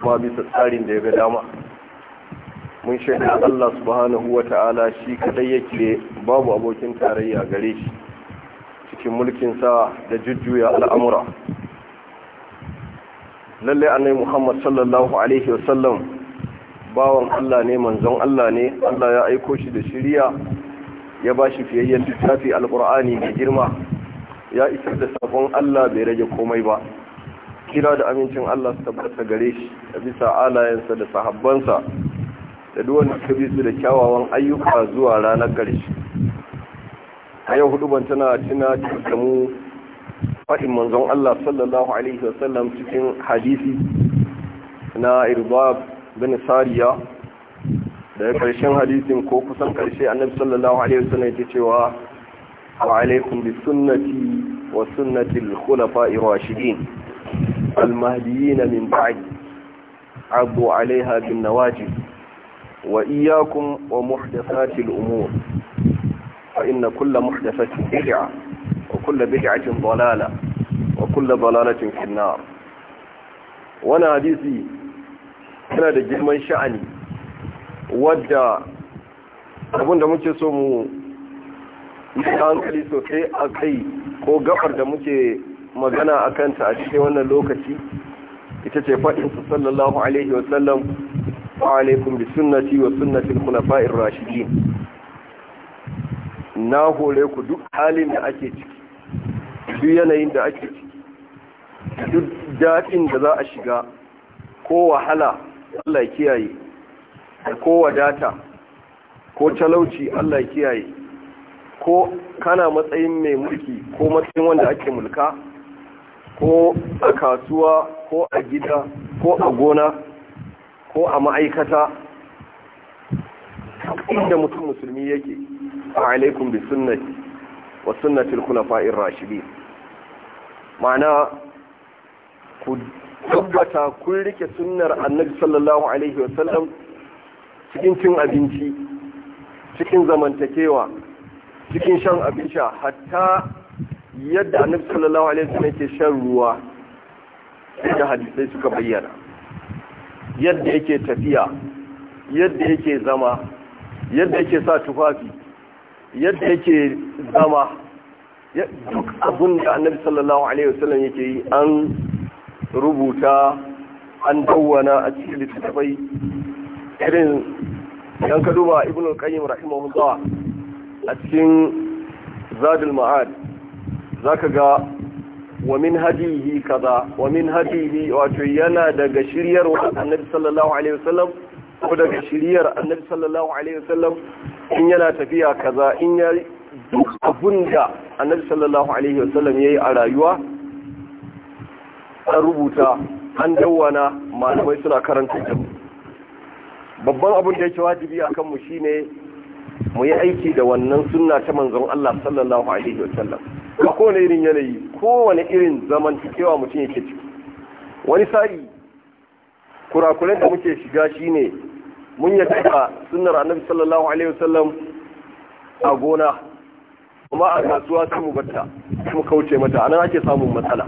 kuma bisa tsarin da ya ga dama mun shaida Allah subhanahu wa ta'ala shi kadai yake babu abokin tarayya gare shi cikin mulkin sa da jujjuya al'amura lallai annai muhammad sallallahu alaihi wasallam bawan Allah ne manzon Allah ne Allah ya aiko shi da shiriya ya ba shi fiyayyen littafi alkur'ani mai girma ya isar da sabon Allah bai rage komai ba kira da amincin Allah su tabbata gare shi a bisa alayensa da sahabbansa da duwanda ta bi su da kyawawan ayyuka zuwa ranar ƙarshe a yau hudu ban tana tuna da mu faɗin manzon Allah sallallahu alaihi wasallam cikin hadisi na irbab bin sariya daga ƙarshen hadisin ko kusan ƙarshe annabi sallallahu alaihi wasallam ya cewa wa alaikum bi sunnati wa sunnati al rashidin المهديين من بعد عبوا عليها بالنواجذ وإياكم ومحدثات الأمور فإن كل محدثة بجعة وكل بجعة ضلالة وكل ضلالة في النار وانا حديثي كنا da girman sha'ani wadda abinda muke so mu hankali sosai a kai ko gafar da muke magana a kanta a cikin wannan lokaci ita ce faɗinsu sallallahu alaihi wasallam wa alaikum bi sunnati wa sunnatin khulafa'ir rashidi na hore ku duk halin da ake ciki duk yanayin da ake ciki duk daɗin da za a shiga ko wahala Allah kiyaye ko wadata ko talauci Allah kiyaye ko kana matsayin mai mulki ko matsayin wanda ake mulka ko a kasuwa ko a gida ko a gona ko a ma'aikata inda mutum musulmi yake a alaikun bi sunnati wa sunnatil khulafa'ir rashidin ma'ana ku tabbata kun rike sunnar annabi sallallahu alaihi wa sallam cikin cin abinci cikin zamantakewa cikin shan abinci, hatta yadda annabi sallallahu alaihi wasallam yake shan ruwa sai da hadisai suka bayyana yadda yake tafiya yadda yake zama yadda yake sa tufafi yadda yake zama duk abin da annabi sallallahu alaihi wasallam yake yi an rubuta an dawwana a cikin littattafai irin yankaduba ka duba ibnu qayyim rahimahullah a cikin zadul ma'ad zaka ga wa min hadihi kaza wa min hadihi wato yana daga shiryar annabi sallallahu alaihi wasallam ko daga shiryar annabi sallallahu alaihi wasallam in yana tafiya kaza in ya duk abun da annabi sallallahu alaihi wasallam yayi a rayuwa an rubuta an dawwana malamai suna karanta shi babban abun da yake wajibi akan mu shine mu yi aiki da wannan sunna ta manzon Allah sallallahu alaihi wasallam ga kowane irin yanayi kowane irin zaman cikewa mutum yake ciki wani sa'i kurakuren da muke shiga shine mun ya taɓa sunnar annabi sallallahu alaihi wasallam a gona kuma a kasuwa sai mu batta mu kauce mata anan ake samun matsala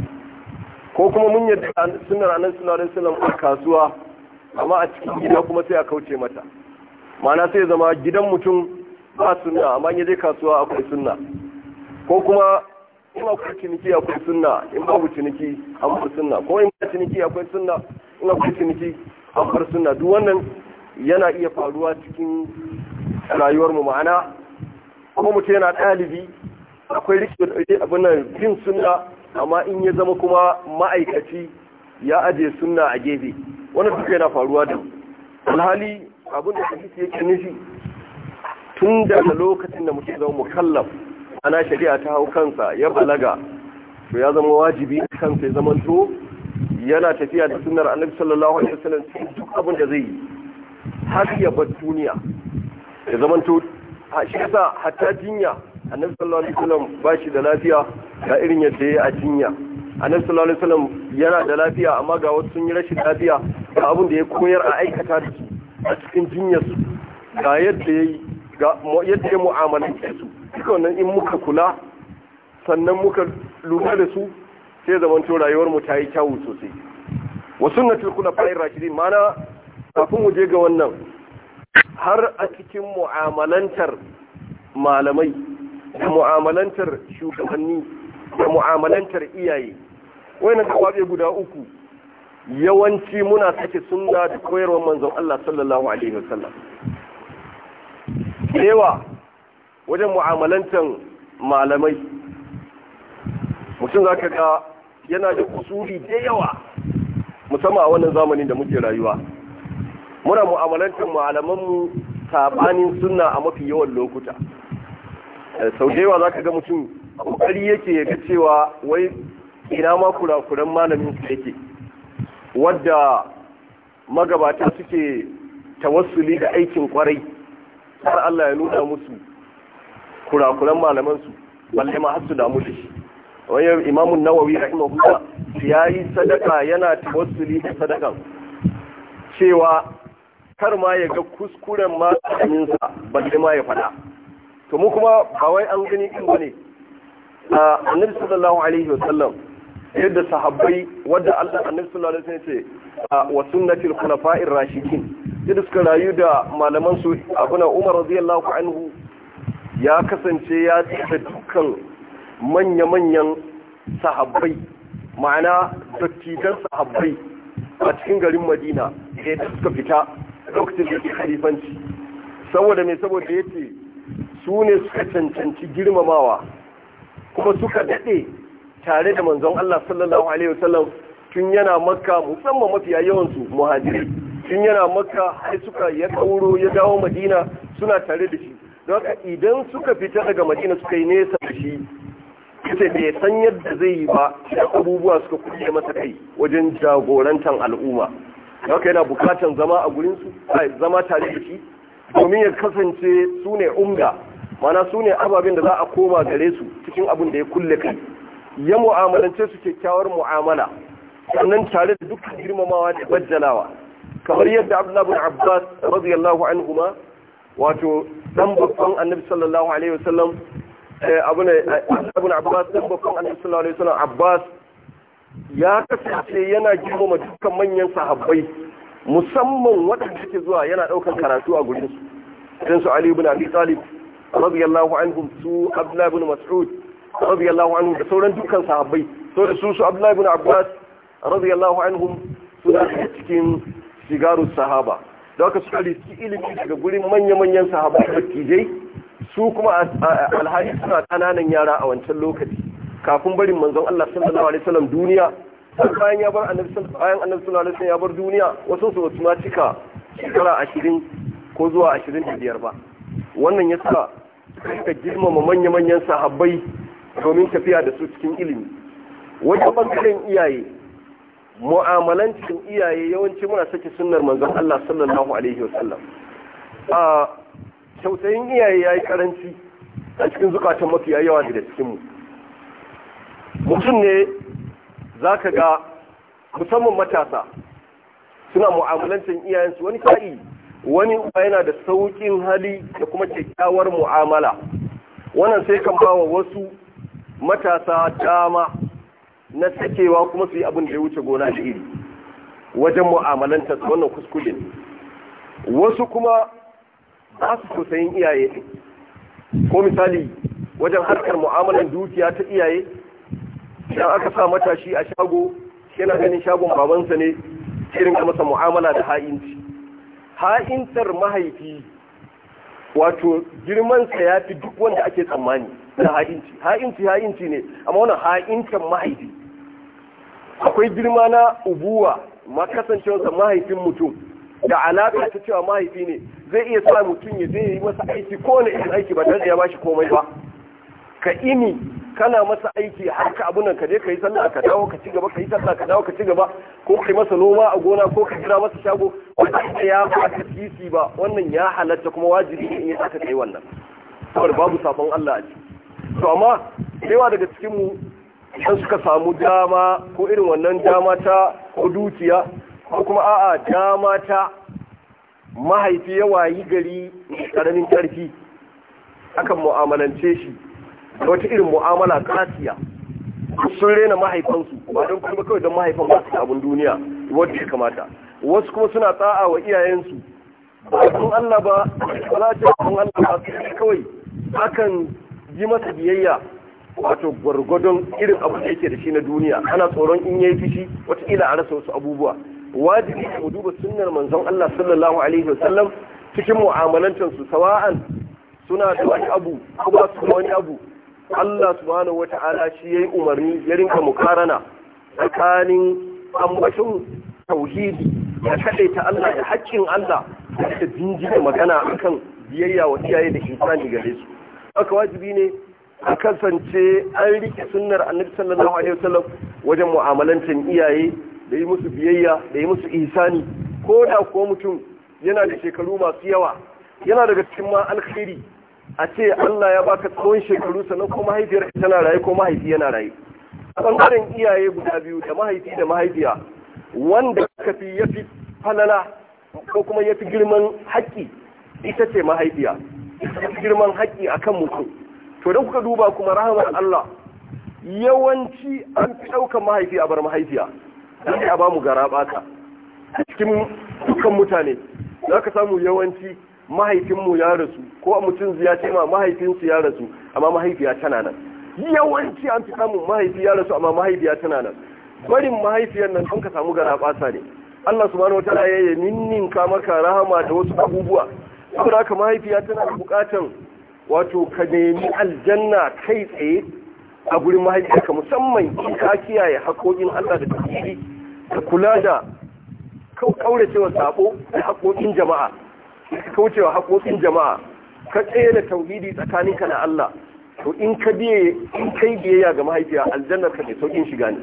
ko kuma mun yadda sunnar annabi sallallahu alaihi wasallam a kasuwa amma a cikin gida kuma sai a kauce mata ma'ana sai zama gidan mutum ba sunna amma in je kasuwa akwai sunna ko kuma in akwai ciniki akwai sunna in babu ciniki an bar sunna kuma in ba ciniki akwai sunna in akwai ciniki an bar sunna duk wannan yana iya faruwa cikin rayuwar mu ma'ana kuma mutum yana ɗalibi akwai rikin abin nan bin sunna amma in ya zama kuma ma'aikaci ya aje sunna a gefe wannan duka yana faruwa da alhali abin da hadisi yake nufi tun daga lokacin da muke zama mukallaf ana shari'a ta hau kansa ya balaga to ya zama wajibi kansa ya zama to yana tafiya da sunnar annabi sallallahu alaihi wasallam duk abin da zai yi har ya bar duniya ya zama to shi yasa hatta jinya annabi sallallahu alaihi wasallam ba shi da lafiya ga irin yadda ya a jinya annabi sallallahu alaihi wasallam yana da lafiya amma ga wasu sun yi rashin lafiya ga abin da ya koyar a aikata da su a cikin jinyar su ga yadda ya yi ga yadda ya su duka wannan in muka kula sannan muka lura da su sai zamanto rayuwar mu ta yi kyawu sosai wa sunnatul khulafa'ir rashidin mana kafin mu je ga wannan har a cikin mu'amalantar malamai da mu'amalantar shugabanni da mu'amalantar iyaye wayannan kawabe guda uku yawanci muna sake sunna da koyarwar manzon Allah sallallahu alaihi wasallam yawa wajen mu'amalantan malamai mutum za ka ga yana da kusuri da yawa musamman a wannan zamanin da muke rayuwa muna mu'amalantar malamanmu saɓanin sunna a mafi yawan lokuta eh, sau da yawa za ka ga mutum ƙoƙari yake ya ga cewa wai ina ma kurakuran malamin su yake wadda magabata suke tawassuli da aikin kwarai har Allah ya nuna musu kurakuran malaman su balle ma har su damu da shi wayar imamu nawawi rahimahullah ya yi sadaka yana tawassuli da sadakan cewa kar ma ya ga kuskuren malaminsa balle ma ya faɗa to mu kuma ba wai an gani din bane a annabi sallallahu alaihi wasallam yadda sahabbai wadda Allah annabi sallallahu alaihi wasallam ce wa sunnatil khulafa'ir rashidin yadda suka rayu da malaman su abuna Umar radiyallahu anhu ya kasance ya tsaye dukkan manya-manyan sahabbai ma'ana dattijan sahabbai a cikin garin madina da ya suka fita lokacin da ke halifanci saboda mai saboda ya ce su ne suka cancanci girmamawa kuma suka daɗe tare da manzon Allah sallallahu alaihi wasallam tun yana makka musamman mafiya yawansu muhajiri tun yana makka har suka ya kauro ya dawo madina suna tare da shi don idan suka fita daga madina suka yi nesa da shi yace bai san yadda zai yi ba da abubuwa suka kulle masa kai wajen jagorantar al'umma haka yana bukatan zama a gurin su zama tare da shi domin ya kasance su ne umga. mana su ne ababen da za a koma gare su cikin abin da ya kulle kai ya mu'amalance su kyakkyawar mu'amala sannan tare da dukkan girmamawa da bajjalawa kamar yadda abdullahi bin abbas radiyallahu anhu ma wato dan babban annabi sallallahu alaihi wasallam abuna eh, abuna abbas dan babban annabi sallallahu alaihi wasallam abbas ya kasance yana girmama dukkan manyan sahabbai musamman waɗanda suke zuwa yana ɗaukar karatu a gurin su irin su ali ibn abi talib radiyallahu anhum su abdullah ibn mas'ud radiyallahu anhu da sauran dukkan sahabbai so da su su abdullah ibn abbas radiyallahu anhum suna cikin sigaru sahaba da aka suka riski ilimi daga gurin manya-manyan sahabbai dattijai su kuma alhali suna kananan yara a wancan lokaci kafin barin manzon Allah sallallahu alaihi wasallam duniya bayan ya bar annabi ya bar duniya wasu su wasu ma cika shekara ashirin ko zuwa 25 ba wannan ya sa suka girmama manya-manyan sahabbai domin tafiya da su cikin ilimi wajen bangaren iyaye mu'amalancin iyaye yawanci muna saki sunnar manzon Allah sallallahu alaihi wasallam a kyautayin iyaye yayi karanci a cikin zukatan mafiya yawa da cikin mu mutum ne zaka ga musamman matasa suna mu'amalancin iyayensu wani sa'i wani yana da sauƙin hali da kuma kyakkyawar mu'amala wannan sai kan bawa wasu matasa dama na sakewa kuma su yi abin da ya wuce gona da iri wajen mu'amalanta wannan kuskure wasu kuma ba su sosayin iyaye ko misali wajen harkar mu'amalan dukiya ta iyaye idan aka sa matashi a shago yana ganin shagon babansa ne irin ga masa mu'amala da ha'inci ha'intar mahaifi wato girmansa ya fi duk wanda ake tsammani da ha'inci ha'inci ha'inci ne amma wannan ha'intar mahaifi akwai girma na ubuwa ma kasancewarsa mahaifin mutum da alaka ta cewa mahaifi ne zai iya sa mutum ya zai yi masa aiki ko wani irin aiki ba tare ya ba shi komai ba ka ini kana masa aiki har ka abunan ka je ka yi sallah ka dawo ka ci gaba ka yi sallah ka dawo ka ci gaba ko kai masa noma a gona ko ka kira masa shago wanda ya baka kisi ba wannan ya halatta kuma wajibi ne in ya saka kai wannan saboda babu sabon Allah a ciki to amma yawa daga cikin mu idan suka samu dama ko irin wannan dama ta ko dukiya ko kuma a'a dama ta mahaifi ya wayi gari karamin ƙarfi akan mu'amalance shi da wata irin mu'amala kasiya sun rena mahaifansu ba don kuma kawai don mahaifan ba su abin duniya wadda ya kamata wasu kuma suna tsa'a wa iyayensu ba sun Allah ba ba za ta sun Allah ba su kawai akan yi masa biyayya wato gwargwadon irin abu da yake da shi na duniya ana tsoron in yayi fishi wataƙila a rasa wasu abubuwa wajibi mu duba sunnar manzon Allah sallallahu alaihi wasallam cikin mu'amalantar su sawa'an suna da wani abu ko ba su wani abu Allah subhanahu wata'ala shi yayi umarni ya rinka mukarana tsakanin ambashin tauhidi ya ta Allah da haƙƙin Allah da jinjina magana akan biyayya wa iyaye da insani gare su haka wajibi ne a kasance an rike sunnar annabi sallallahu alaihi wasallam wajen mu'amalancin iyaye da yi musu biyayya da yi musu ihsani ko da ko mutum yana da shekaru masu yawa yana daga cikin ma alkhairi a ce Allah ya baka tsawon shekaru sannan ko mahaifiyar tana raye ko mahaifi yana raye a bangaren iyaye guda biyu da mahaifi da mahaifiya wanda ka fi yafi falala ko kuma yafi girman haƙƙi ita ce mahaifiya girman haƙƙi akan mutum to da kuka duba kuma rahamar Allah yawanci an fi ɗaukar mahaifi a bar mahaifiya sai a bamu gara baka cikin dukkan mutane za ka samu yawanci mahaifinmu ya rasu ko mutum ya ce ma mahaifinsu ya rasu amma mahaifiya tana nan yawanci an fi samun mahaifi ya rasu amma mahaifiya tana nan barin mahaifiyar nan don ka samu gara basa ne Allah subhanahu wataala ya yi ninninka maka rahama da wasu abubuwa saboda haka mahaifiya tana buƙatan wato ka nemi aljanna kai tsaye a gurin mahaifiyarka musamman in ka kiyaye haƙoƙin Allah da tafiye ka kula da cewa sabo da haƙoƙin jama'a ka kaucewa haƙoƙin jama'a ka tsaye da tauhidi tsakaninka da Allah to in ka biye in kai biyayya ga mahaifiya aljanna ka ne sauƙin shiga ne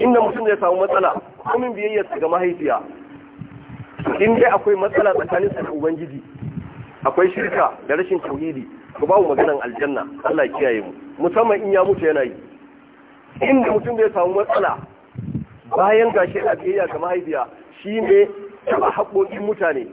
inda mutum zai samu matsala komin biyayya ga mahaifiya in dai akwai matsala sa da ubangiji akwai shirka da rashin tauhidi ku babu maganan aljanna Allah ya kiyaye mu musamman in ya mutu yana yi inda mutum zai samu matsala bayan gashi a biyayya ga mahaifiya shine taba haƙoƙin mutane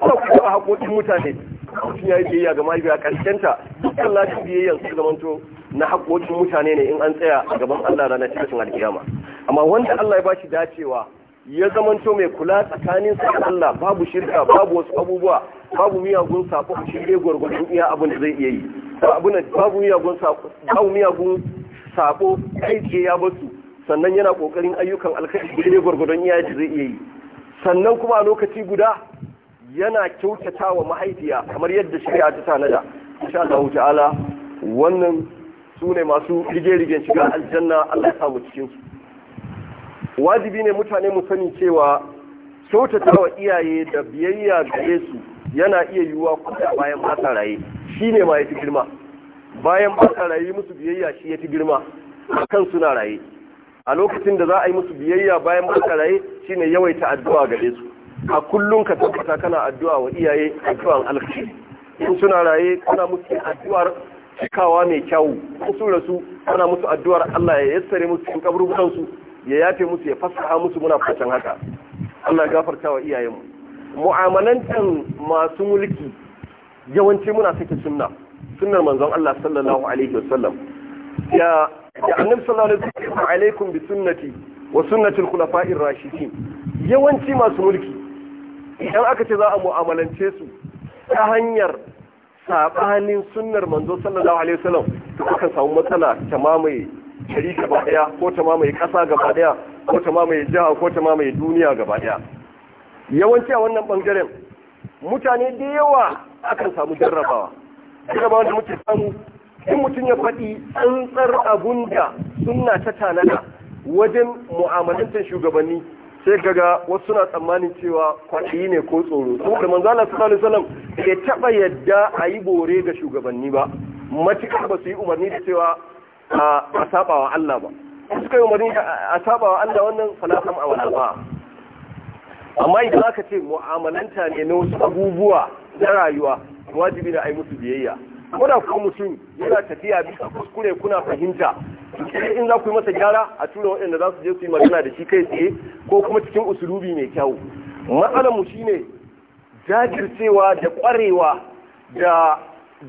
ko ku taba haƙoƙin mutane mutum ya yi biyayya ga mahaifiya karshenta dukkan lafiyar biyayyan su to na haƙoƙin mutane ne in an tsaya a gaban Allah ranar cikin alkiyama amma wanda Allah ya bashi dacewa ya zamanto mai kula tsakanin sa da Allah babu shirka babu wasu abubuwa babu miyagun sako a shirye gwargwadon iya abin da zai iya yi babu miyagun sako babu miyagun ya basu sannan yana kokarin ayyukan alkhairi shirye gwargwadon iya da zai iya yi sannan kuma a lokaci guda yana kyautata wa mahaifiya kamar yadda shirya ta tanada insha Allah ta'ala wannan su ne masu rige-rigen shiga aljanna Allah ya samu cikin su wajibi ne mutane mu sani cewa kyautata wa iyaye da biyayya gare su yana iya yiwuwa kusa bayan ba raye shi ne ma ya fi girma bayan ba raye musu biyayya shi ya fi girma a kan suna raye a lokacin da za a yi musu biyayya bayan ba raye shi ne yawaita addu'a gare su a kullum ka tabbata kana addu'a wa iyaye addu'an alkhairi in suna raye kana musu addu'ar cikawa mai kyawu in sun rasu kana musu addu'ar Allah ya yassare musu cikin kaburburansu ya yafe musu ya fasaha musu muna fatan haka Allah ya gafarta wa iyayenmu mu'amalantan masu mulki yawanci muna suke sunna sunnar manzon Allah sallallahu alaihi wasallam ya ya annabi sallallahu alaihi wasallam alaikum bi sunnati wa sunnati al ar rashidin yawanci masu mulki idan aka ce za a mu'amalance su ta hanyar sabanin sunnar manzo sallallahu alaihi wasallam to aka samu matsala ta mamaye shari'a gaba daya ko ta mamaye kasa gaba daya ko ta mamaye jiha ko ta mamaye duniya gaba daya yawanci a wannan bangaren mutane da yawa akan samu jarrabawa jarrabawa wanda muke samu in mutum ya faɗi tsantsar abun da suna ta tanada wajen mu'amalantar shugabanni sai gaga wasu suna tsammanin cewa kwaɗi ne ko tsoro saboda da Allah su alaihi salam bai taɓa yadda a yi bore ga shugabanni ba matuƙar ba su yi umarni da cewa a saɓawa Allah ba suka yi umarni a saɓawa Allah wannan falafan a wani ba amma idan aka ce mu'amalanta ne na wasu abubuwa na rayuwa wajibi da ai musu biyayya kuna kuma mutum yana tafiya bisa kuskure kuna fahimta in za ku yi masa gyara a tura waɗanda za su je su yi magana da shi kai tsaye ko kuma cikin usulubi mai kyau matsalar mu shine jajircewa da ƙwarewa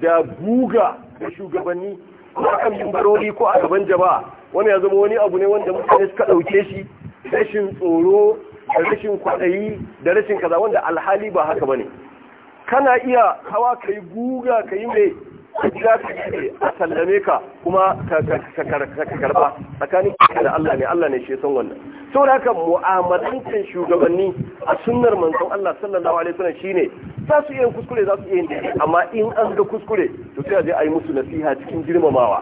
da guga da shugabanni ko akan barori ko a gaban jama'a wani ya zama wani abu ne wanda mutane suka ɗauke shi rashin tsoro da rashin kwaɗayi da rashin kaza wanda alhali ba haka ba ne, kana iya hawa ka yi guga ka yi mai gida ka yi a sallame ka kuma ka karba tsakanin ka da Allah ne Allah ne shi san wannan Sau da haka mu'amalancin shugabanni a sunnar manzon Allah sallallahu alaihi wasallam shine za su iya kuskure za su iya yin amma in an ga kuskure to sai a je a yi musu nasiha cikin girmamawa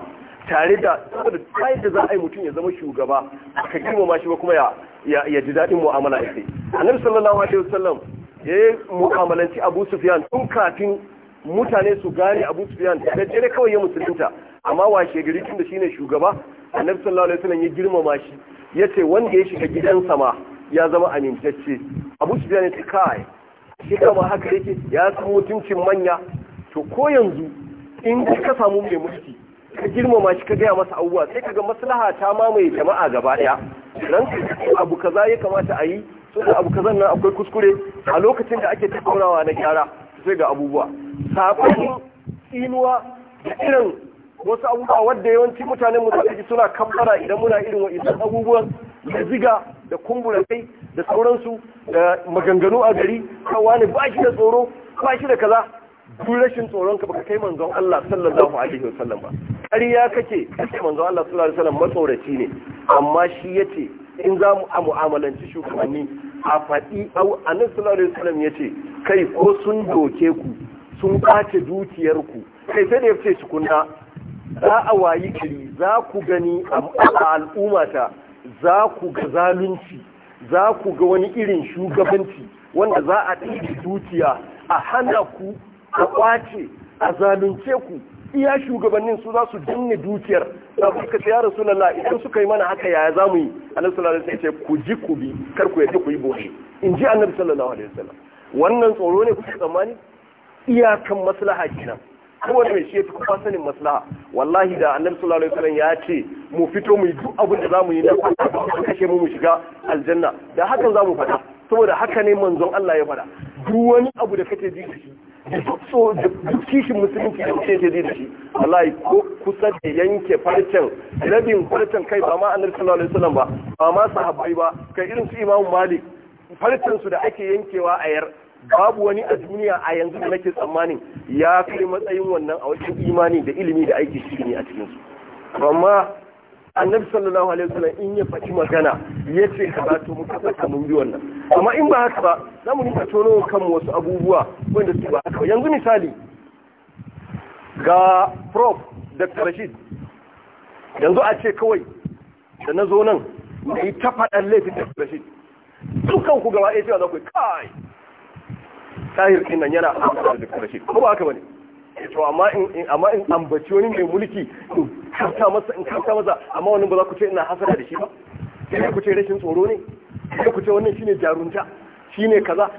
tare da saboda da za a yi mutum ya zama shugaba ka girmama shi ba kuma ya ya ji daɗin mu'amala ita annabi sallallahu alaihi wasallam ya yi mu'amalanci abu sufyan tun kafin mutane su gane abu sufyan da dare kawai ya musulunta amma wa shegari tun da shine shugaba annabi sallallahu alaihi wasallam ya girmama shi ya ce wanda ya shiga gidan sama ya zama amintacce abu sufyan ya ce kai shi kama haka yake ya san mutuncin manya to ko yanzu in ka samu mai mulki ka girmama shi ka gaya masa abubuwa sai ka ga maslaha ta mamaye jama'a gaba ɗaya ranka abu kaza ya kamata a yi da abu kaza nan akwai kuskure a lokacin da ake tattaunawa na gyara sai ga abubuwa sabon inuwa da irin wasu abubuwa wadda yawanci mutanen mu suna kambara idan muna irin wa'isan abubuwan da ziga da kumbura kai da sauransu da maganganu a gari kawa ne ba shi da tsoro ba shi da kaza duk rashin tsoron ka baka kai manzon Allah sallallahu alaihi wasallam ba ƙarya kake ce manzo Allah sallallahu alaihi wasallam matsoraci ne amma shi yace in za mu a mu'amalanci shugabanni a faɗi annabi sallallahu alaihi wasallam yace kai ko sun doke ku sun kwace ku kai sai da yace tukunna za a wayi kiri za ku gani a al'ummata za ku ga zalunci za ku ga wani irin shugabanci wanda za a ɗauki dukiya a hana ku a kwace a zalunce ku iya shugabannin su za su danne dukiyar da suka ce ya rasulullah idan suka yi mana haka yaya za mu yi annabi sallallahu alaihi wasallam ya ce ku ji ku bi kar ku yadda ku yi boye in ji annabi sallallahu alaihi wasallam wannan tsoro ne kuke tsammani iyakan maslaha kenan kowane mai shi ya fi kuma sanin maslaha wallahi da annabi sallallahu alaihi wasallam ya ce mu fito mu yi duk abin da zamu yi na kashe mu mu shiga aljanna da hakan za mu faɗa saboda haka ne manzon Allah ya faɗa duk wani abu da kake ji da shi da duk kishin musulunci da mutum yake da shi wallahi ko kusa da yanke farcen rabin farcen kai ba ma annabi sallallahu alaihi wasallam ba ba ma sahabbai ba kai irin su imamu malik farcen su da ake yankewa a yar babu wani a duniya a yanzu da nake tsammanin ya kai matsayin wannan a wajen imani da ilimi da aiki shi ne a cikin su amma annabi sallallahu alaihi wasallam in ya faɗi magana ya ce karatu mu muka faɗa mun bi wannan amma in ba haka ba za mu nika tono kan wasu abubuwa wanda su ba haka yanzu misali ga prof dr rashid yanzu a ce kawai da na zo nan da yi ta faɗa laifin dr rashid dukkan ku gaba ɗaya cewa za ku kai tahir ɗin nan yana a dr rashid ko ba haka ba ne amma in ambaci wani mai mulki kafta masa in kafta masa amma wannan ba za ku ce ina hasara da shi ba sai ku ce rashin tsoro ne sai ku ce wannan shine jarunta shine kaza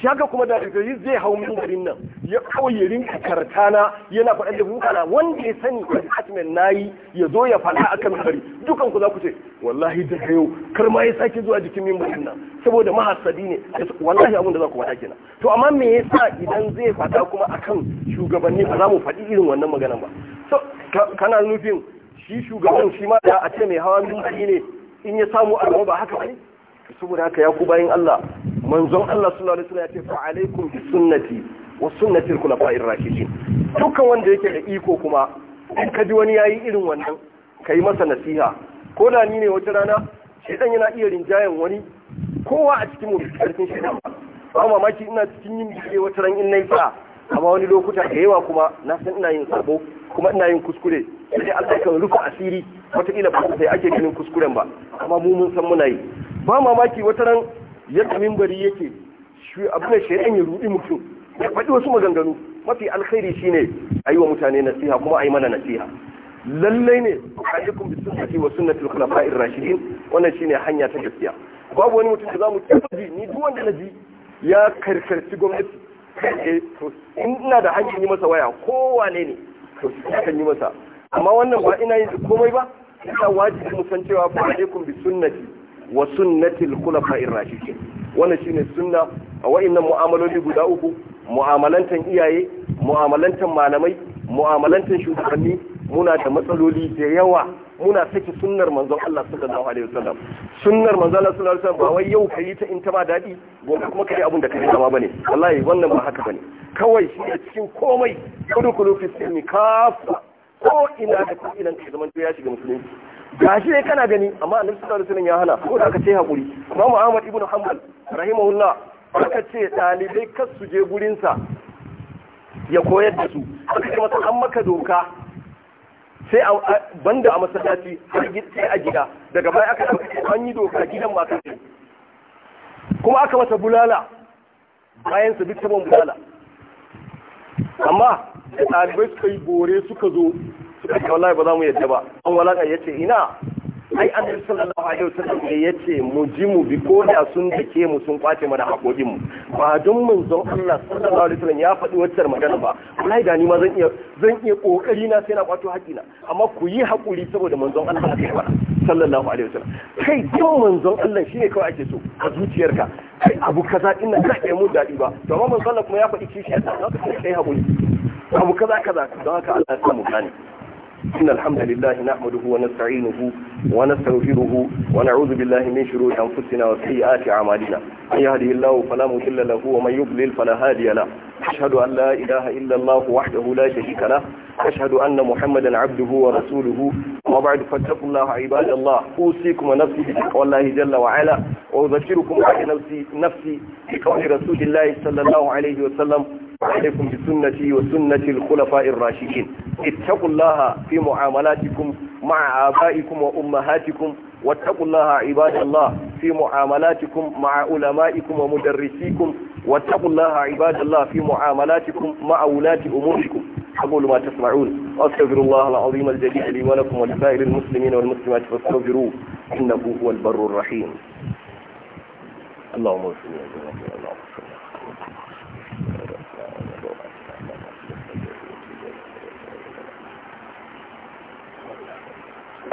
shaka kuma da Idris zai hau garin nan ya kauye rinka kartana yana faɗa da bukana wanda ya sani kan hatmen nayi ya zo ya faɗa akan mimbari dukan ku za ku ce wallahi da kayo kar ma ya sake zuwa jikin min mimbarin nan saboda mahasadi ne wallahi abin da za ku faɗa kenan to amma me yasa idan zai faɗa kuma akan shugabanni ba za mu faɗi irin wannan maganan ba kana nufin shi shugaban shi ma da a ce mai hawan dutse ne in ya samu alwa ba haka ne saboda haka ya ku bayan Allah manzon Allah sallallahu alaihi wasallam ya ce fa alaikum bi sunnati wa sunnati al-khulafa'ir rashidin dukkan wanda yake da iko kuma in ka ji wani yayi irin wannan kai masa nasiha ko da ni ne wata rana shedan yana iya rinjayen wani kowa a cikin mu karfin shedan ba mamaki ina cikin yin bige wata ran in nayi sa amma wani lokuta da yawa kuma na san ina yin sabo kuma ina yin kuskure sai Allah kan rufe asiri wataƙila ba sai ake ganin kuskuren ba amma mu mun san muna yi ba mamaki wata ran yadda bari yake shi abin shari'an ya rudi mutum ya faɗi wasu maganganu mafi alkhairi shine ayi wa mutane nasiha kuma ayi mana nasiha lallai ne alaikum bi sunnati wa sunnati al-khulafa'ir rashidin wannan shine hanya ta gaskiya babu wani mutum da zamu ji ni duk wanda naji ya karkarci gwamnati to ina da hanyar yi masa waya ne ne to kan yi masa amma wannan ba ina yin komai ba yana wajibi mu san cewa fa alaikum bi sunnati wa sunnati al ar rashidin wannan shine sunna a inna mu'amaloli guda uku mu'amalantan iyaye mu'amalantan malamai mu'amalantan shugabanni muna da matsaloli da yawa muna saki sunnar manzon Allah sallallahu alaihi wasallam sunnar manzon Allah sallallahu alaihi wasallam ba wai yau kai ta in ta ma dadi gobe kuma kai abin da kai zama bane wallahi wannan ba haka bane kawai shi ne cikin komai kudu kulu fi sunni kafa ko ina da ko ina zaman ya shiga musulunci gashi ne kana gani amma annabi sallallahu alaihi wasallam ya hana ko da aka ce hakuri Imam Ahmad ibnu Hanbal rahimahullah aka ce dalibai kar su je gurinsa ya koyar da su aka ce masa an maka doka sai a banda a masallaci har sai a gida daga baya aka an yi doka gidan ma kan kuma aka masa bulala bayan su duk bulala amma da ɗalibai suka yi gore suka zo suka ce wallahi ba za mu yadda ba an walaka ya ce ina ai annabi sallallahu alaihi wasallam ya yace mu ji mu bi ko da sun dake mu sun kwace mana hakokin mu ba don manzon Allah sallallahu alaihi wasallam ya faɗi wacce magana ba wallahi da ni ma zan iya zan iya kokari na sai na kwato na amma ku yi hakuri saboda manzon Allah ya faɗa sallallahu alaihi wasallam kai don manzon Allah shine kawai ake so a zuciyarka kai abu kaza ina ka kai mu dadi ba to amma manzon Allah kuma ya faɗi kishi ya ta kai hakuri abu kaza kaza don haka Allah ya samu gane إن الحمد لله نحمده ونستعينه ونستغفره ونعوذ بالله من شرور أنفسنا وسيئات أعمالنا من يهده الله فلا مضل له ومن يضلل فلا هادي له أشهد أن لا إله إلا الله وحده لا شريك له أشهد أن محمدا عبده ورسوله وبعد فاتقوا الله عباد الله أوصيكم ونفسي بتقوى الله جل وعلا وأذكركم نفسي نفسي بقول رسول الله صلى الله عليه وسلم عليكم بسنتي وسنة الخلفاء الراشدين اتقوا الله في معاملاتكم مع آبائكم وأمهاتكم واتقوا الله عباد الله في معاملاتكم مع علمائكم ومدرسيكم واتقوا الله عباد الله في معاملاتكم مع ولاة أموركم أقول ما تسمعون أستغفر الله العظيم الجليل لي ولكم ولسائر المسلمين والمسلمات فاستغفروه إنه هو البر الرحيم اللهم صل على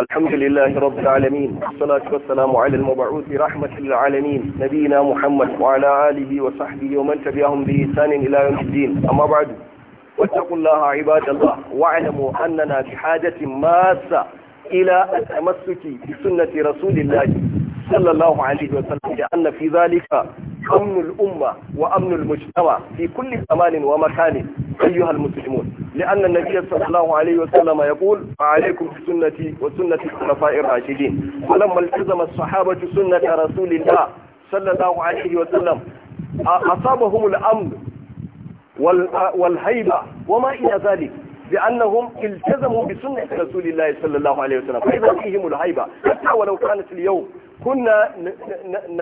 الحمد لله رب العالمين والصلاة والسلام على المبعوث رحمة للعالمين نبينا محمد وعلى آله وصحبه ومن تبعهم بإحسان إلى يوم الدين أما بعد واتقوا الله عباد الله واعلموا أننا بحاجة ماسة إلى التمسك بسنة رسول الله صلى الله عليه وسلم لأن في ذلك أمن الأمة وأمن المجتمع في كل زمان ومكان أيها المسلمون لأن النبي صلى الله عليه وسلم يقول عليكم بسنتي وسنة الخلفاء الراشدين فلما التزم الصحابة سنة رسول الله صلى الله عليه وسلم أصابهم الأمن والهيبة وما إلى ذلك بأنهم التزموا بسنة رسول الله صلى الله عليه وسلم فإذا فيهم الهيبة حتى ولو كانت اليوم كنا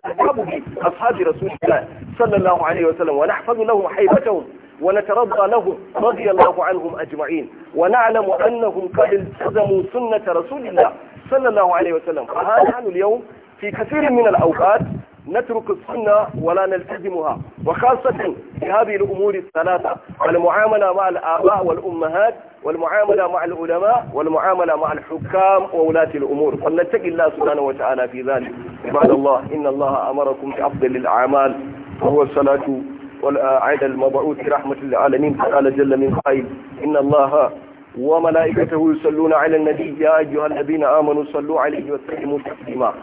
نرحب بأصحاب رسول الله صلى الله عليه وسلم ونحفظ لهم حيبتهم ونترضى لهم رضي الله عنهم أجمعين ونعلم أنهم قد التزموا سنة رسول الله صلى الله عليه وسلم فهذا اليوم في كثير من الأوقات نترك السنة ولا نلتزمها وخاصة في هذه الأمور الثلاثة المعاملة مع الآباء والأمهات والمعاملة مع العلماء والمعاملة مع الحكام وولاة الأمور فلنتقي الله سبحانه وتعالى في ذلك عباد الله إن الله أمركم بأفضل الأعمال وهو الصلاة والعيد المبعوث رحمة للعالمين قال جل من قائل إن الله وملائكته يصلون على النبي يا أيها الذين آمنوا صلوا عليه وسلموا تسليما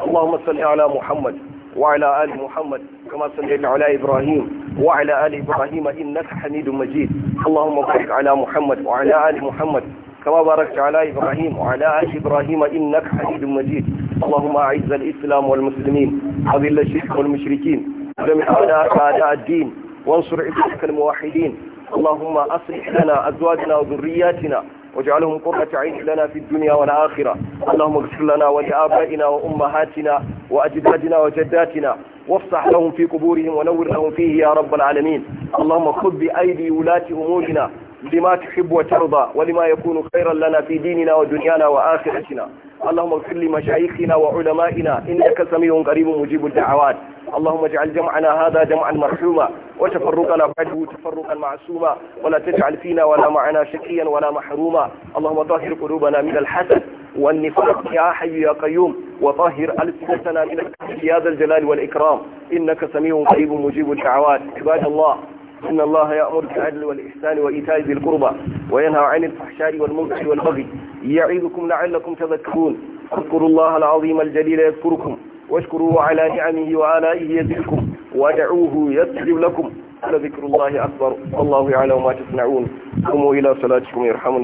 اللهم صل على محمد وعلى آل محمد كما صليت على إبراهيم وعلى آل إبراهيم إنك حميد مجيد اللهم بارك على محمد وعلى آل محمد كما باركت على إبراهيم وعلى آل إبراهيم إنك حميد مجيد اللهم أعز الإسلام والمسلمين أذل الشرك والمشركين جميع أعداء الدين وانصر عبادك الموحدين اللهم أصلح لنا أزواجنا وذرياتنا واجعلهم قرة عين لنا في الدنيا والآخرة اللهم اغفر لنا ولآبائنا وأمهاتنا وأجدادنا وجداتنا وافصح لهم في قبورهم ونور لهم فيه يا رب العالمين اللهم خذ بأيدي ولاة أمورنا لما تحب وترضى ولما يكون خيرا لنا في ديننا ودنيانا وآخرتنا اللهم اغفر لمشايخنا وعلمائنا إنك سميع قريب مجيب الدعوات اللهم اجعل جمعنا هذا جمعا مرحوما وتفرقنا بعده تفرقا معصوما ولا تجعل فينا ولا معنا شقيا ولا محروما اللهم طهر قلوبنا من الحسد والنفاق يا حي يا قيوم وطهر ألسنتنا من يا ذا الجلال والإكرام إنك سميع قريب مجيب الدعوات عباد الله إن الله يأمر بالعدل والإحسان وإيتاء ذي القربى وينهى عن الفحشاء والمنكر والبغي يعظكم لعلكم تذكرون اذكروا الله العظيم الجليل يذكركم واشكروه على نعمه وآلائه يزدكم ودعوه يستجب لكم لذكر الله أكبر والله يعلم ما تصنعون قوموا إلى صلاتكم يرحمكم